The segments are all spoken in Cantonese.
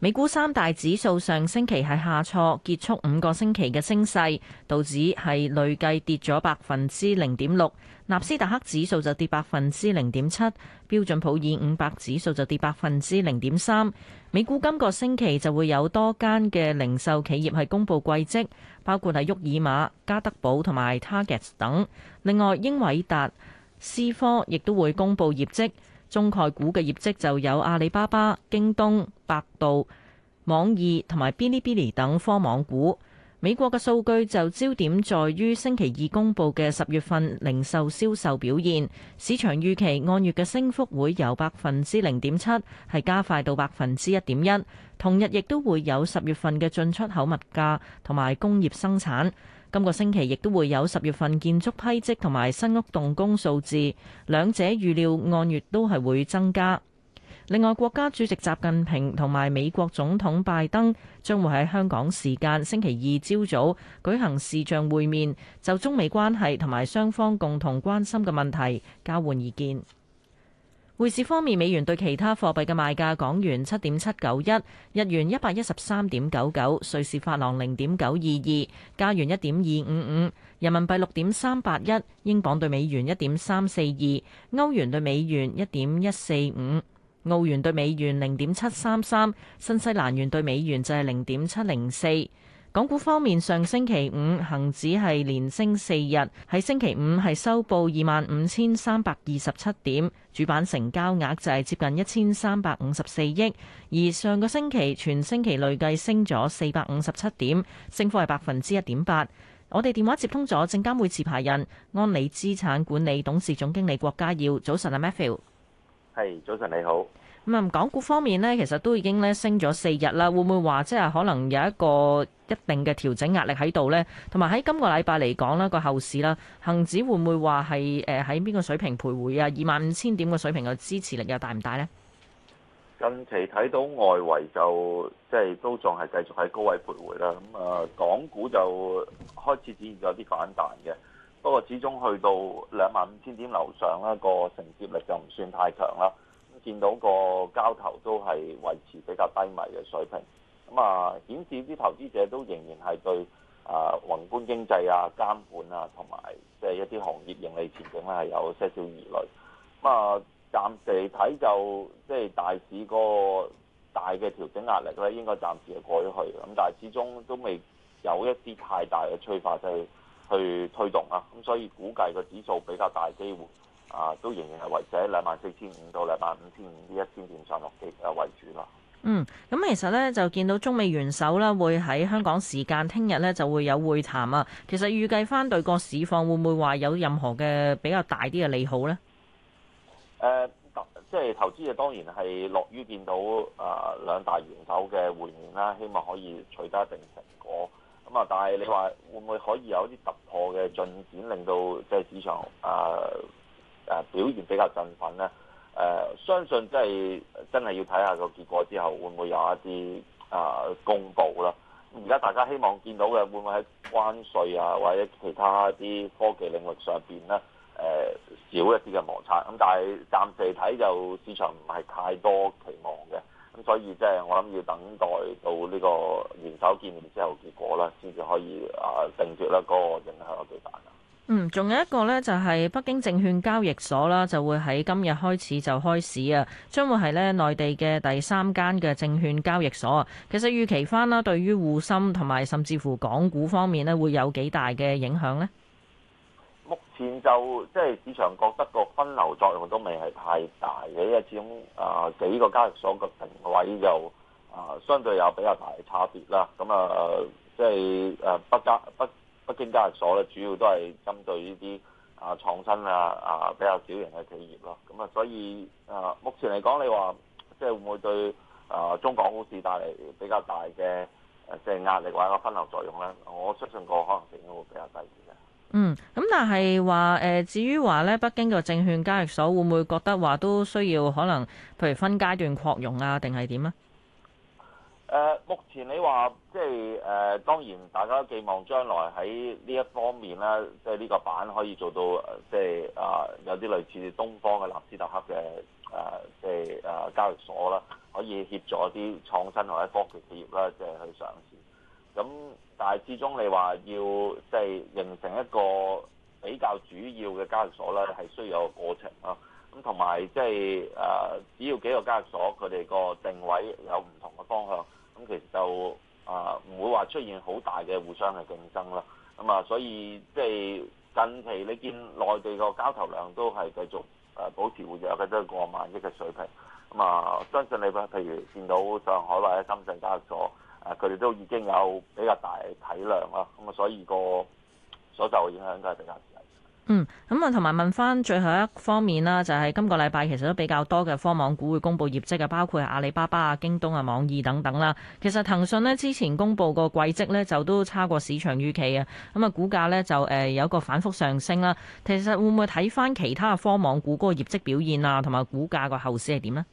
美股三大指數上星期係下挫，結束五個星期嘅升勢，道指係累計跌咗百分之零點六，納斯達克指數就跌百分之零點七，標準普爾五百指數就跌百分之零點三。美股今個星期就會有多間嘅零售企業係公布季績，包括係沃爾瑪、加德寶同埋 Target 等。另外，英偉達、思科亦都會公布業績。中概股嘅業績就有阿里巴巴、京東、百度、網易同埋嗶哩嗶哩等科網股。美國嘅數據就焦點在於星期二公布嘅十月份零售銷售表現，市場預期按月嘅升幅會由百分之零點七係加快到百分之一點一。同日亦都會有十月份嘅進出口物價同埋工業生產。今個星期亦都會有十月份建築批准同埋新屋動工數字，兩者預料按月都係會增加。另外，國家主席習近平同埋美國總統拜登將會喺香港時間星期二朝早舉行視像會面，就中美關係同埋雙方共同關心嘅問題交換意見。匯市方面，美元對其他貨幣嘅賣價：港元七點七九一，日元一百一十三點九九，瑞士法郎零點九二二，加元一點二五五，人民幣六點三八一，英鎊兌美元一點三四二，歐元兌美元一點一四五，澳元兌美元零點七三三，新西蘭元兌美元就係零點七零四。港股方面，上星期五恒指係連升四日，喺星期五係收報二萬五千三百二十七點，主板成交額就係接近一千三百五十四億，而上個星期全星期累計升咗四百五十七點，升幅係百分之一點八。我哋電話接通咗證監會持牌人安理資產管理董事總經理郭家耀，早晨阿 Matthew，係，早晨你好。咁港股方面咧，其實都已經咧升咗四日啦。會唔會話即係可能有一個一定嘅調整壓力喺度咧？同埋喺今個禮拜嚟講咧，個後市啦，恆指會唔會話係誒喺邊個水平徘徊啊？二萬五千點嘅水平嘅支持力又大唔大咧？近期睇到外圍就即係都仲係繼續喺高位徘徊啦。咁啊，港股就開始出現咗啲反彈嘅，不過始終去到兩萬五千點樓上咧，個承接力就唔算太強啦。見到個交投都係維持比較低迷嘅水平，咁啊顯示啲投資者都仍然係對啊、呃、宏觀經濟啊監管啊同埋即係一啲行業盈利前景咧係有些少疑慮。咁啊暫時嚟睇就即係、就係、大市個大嘅調整壓力咧，應該暫時係過咗去。咁但係始終都未有一啲太大嘅催化劑去，去推動啊。咁所以估計個指數比較大機會。啊，都仍然係維持喺兩萬四千五到兩萬五千五呢一千點上落跌啊為主咯。嗯，咁其實咧就見到中美元首咧會喺香港時間聽日咧就會有會談啊。其實預計翻對個市況會唔會話有任何嘅比較大啲嘅利好呢？誒、呃，即係投資者當然係樂於見到啊、呃、兩大元首嘅會面啦，希望可以取得一定成果。咁啊，但係你話會唔會可以有啲突破嘅進展，令到即係市場啊，呃誒、呃、表現比較振奮咧，誒、呃、相信即係真係要睇下個結果之後會唔會有一啲啊、呃、公佈啦。而家大家希望見到嘅會唔會喺關稅啊或者其他啲科技領域上邊咧，誒少一啲嘅摩擦。咁但係暫時睇就市場唔係太多期望嘅，咁所以即係我諗要等待到呢個元首見面之後結果啦，先至可以啊、呃、定奪啦嗰個影響有幾大。嗯，仲有一個咧，就係北京證券交易所啦，就會喺今日開始就開市啊，將會係咧內地嘅第三間嘅證券交易所。其實預期翻啦，對於滬深同埋甚至乎港股方面咧，會有幾大嘅影響呢？目前就即係、就是、市場覺得個分流作用都未係太大嘅，因為始終啊幾個交易所個定位就啊、呃、相對有比較大嘅差別啦。咁啊，即係誒北交北。就是呃北京交易所咧，主要都係針對呢啲啊創新啊啊比較小型嘅企業咯。咁啊，所以啊、呃，目前嚟講，你話即係會唔會對啊、呃、中港股市帶嚟比較大嘅誒、呃、壓力或者個分流作用咧？我相信個可能性都會比較低啲嘅。嗯，咁但係話誒，至於話咧，北京嘅證券交易所會唔會覺得話都需要可能，譬如分階段擴容啊，定係點啊？誒、呃，目前你話即係誒、呃，當然大家寄望將來喺呢一方面啦，即係呢個板可以做到，即係啊、呃，有啲類似東方嘅納斯達克嘅誒、呃，即係誒、呃、交易所啦，可以協助啲創新或者科技企業啦，即係去上市。咁但係始終你話要，要即係形成一個比較主要嘅交易所咧，係需要有過程啊。咁同埋即係誒、呃，只要幾個交易所佢哋個定位有唔同嘅方向。咁其實就啊唔會話出現好大嘅互相嘅競爭啦。咁啊，所以即係近期你見內地個交投量都係繼續誒保持活躍嘅，都係過萬億嘅水平。咁啊，相信你譬如見到上海或者深圳交易所啊，佢哋都已經有比較大體量啦。咁啊，所以個所受嘅影響都係比較大。嗯，咁啊，同埋問翻最後一方面啦，就係、是、今個禮拜其實都比較多嘅科網股會公布業績嘅，包括阿里巴巴啊、京東啊、網易等等啦。其實騰訊咧之前公布個季績呢，就都差過市場預期啊，咁啊股價呢，就誒有一個反覆上升啦。其實會唔會睇翻其他科網股嗰個業績表現啊，同埋股價個後市係點呢？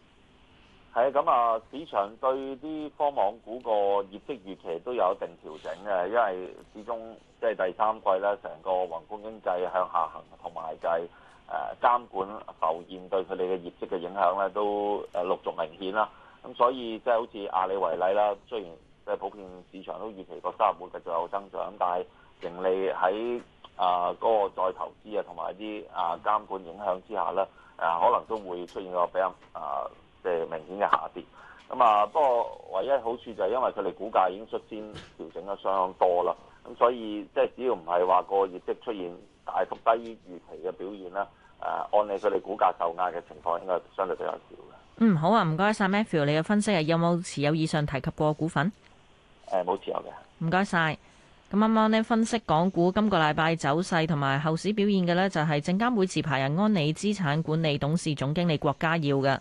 係咁啊，市場對啲科網股個業績預期都有一定調整嘅，因為始終即係第三季啦，成個宏觀經濟向下行，同埋就係誒監管浮現對佢哋嘅業績嘅影響咧，都誒陸續明顯啦。咁所以即係好似阿里為例啦，雖然即係普遍市場都預期個收入會繼續有增長，但係盈利喺啊嗰個再投資啊，同埋啲啊監管影響之下咧，誒可能都會出現一個比較啊～明顯嘅下跌咁啊。不過唯一好處就係，因為佢哋股價已經率先調整得相當多啦。咁、啊、所以即係只要唔係話個業績出現大幅低於預期嘅表現啦，誒、啊，按理佢哋股價受壓嘅情況應該相對比較少嘅。嗯，好啊，唔該晒。Matthew，你嘅分析係有冇持有以上提及過股份？誒、嗯，冇持有嘅。唔該晒。咁啱啱呢分析港股今個禮拜走勢同埋後市表現嘅呢，就係證監會持牌人安理資產管理董事總經理郭家耀嘅。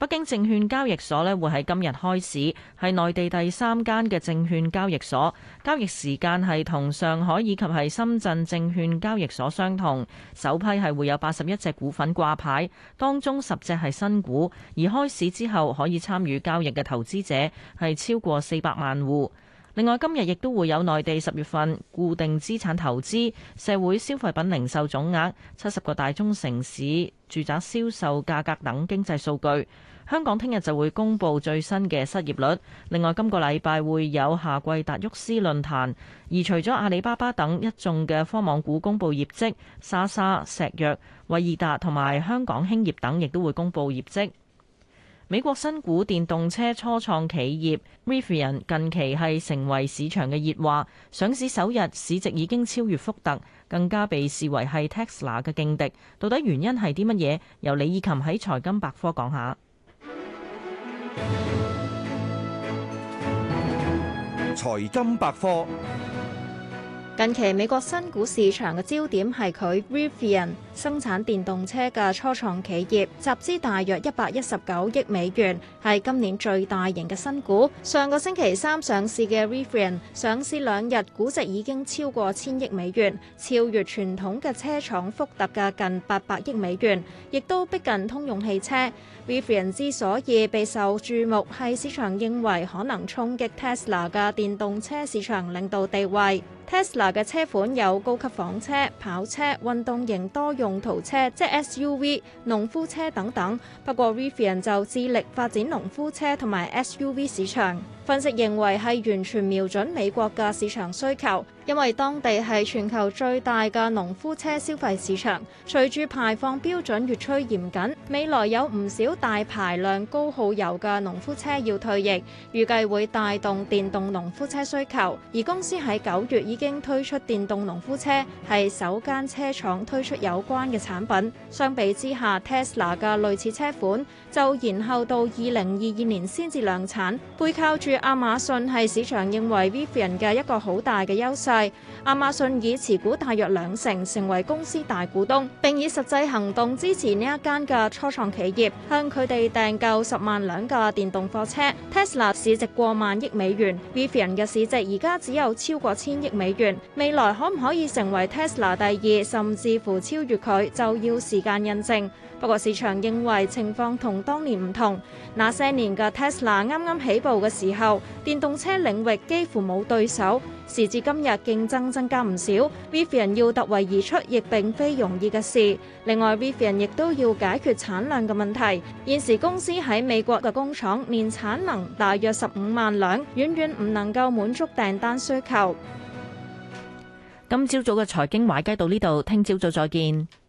北京證券交易所咧會喺今日開始，係內地第三間嘅證券交易所，交易時間係同上海以及係深圳證券交易所相同。首批係會有八十一隻股份掛牌，當中十隻係新股。而開市之後可以參與交易嘅投資者係超過四百萬戶。另外今日亦都會有內地十月份固定資產投資、社會消費品零售總額、七十個大中城市住宅銷售價格等經濟數據。香港聽日就會公布最新嘅失業率。另外今個禮拜會有夏季達沃斯論壇。而除咗阿里巴巴等一眾嘅科網股公布業績，莎莎、石藥、偉易達同埋香港興業等亦都會公布業績。美國新股電動車初創企業 Rivian 近期係成為市場嘅熱話，上市首日市值已經超越福特，更加被視為係 Tesla 嘅勁敵。到底原因係啲乜嘢？由李以琴喺財金百科講下。財金百科。近期美國新股市場嘅焦點係佢 Rivian 生產電動車嘅初創企業，集資大約一百一十九億美元，係今年最大型嘅新股。上個星期三上市嘅 Rivian 上市兩日，估值已經超過千億美元，超越傳統嘅車廠福特嘅近八百億美元，亦都逼近通用汽車。Rivian 之所以備受注目，係市場認為可能衝擊 Tesla 嘅電動車市場領導地位。Tesla 嘅車款有高級房車、跑車、運動型多用途車，即 SUV、農夫車等等。不過 Rivian 就致力發展農夫車同埋 SUV 市場。分析認為係完全瞄準美國嘅市場需求，因為當地係全球最大嘅農夫車消費市場。隨住排放標準越趨嚴謹，未來有唔少大排量高耗油嘅農夫車要退役，預計會帶動電動農夫車需求。而公司喺九月已經推出電動農夫車，係首間車廠推出有關嘅產品。相比之下，Tesla 嘅類似車款就延後到二零二二年先至量產，背靠住，亞馬遜係市場認為 Rivian 嘅一個好大嘅優勢。亞馬遜以持股大約兩成，成為公司大股東，並以實際行動支持呢一間嘅初創企業，向佢哋訂購十萬輛嘅電動貨車。Tesla 市值過萬億美元，Rivian 嘅市值而家只有超過千億美元。未來可唔可以成為 Tesla 第二，甚至乎超越佢，就要時間印證。不過市場認為情況同當年唔同，那些年嘅 Tesla 啱啱起步嘅時候。後電動車領域幾乎冇對手，時至今日競爭增加唔少，Vivian 要突圍而出亦並非容易嘅事。另外，Vivian 亦都要解決產量嘅問題。現時公司喺美國嘅工廠年產能大約十五萬輛，遠遠唔能夠滿足訂單需求。今朝早嘅財經華爾街到呢度，聽朝早再見。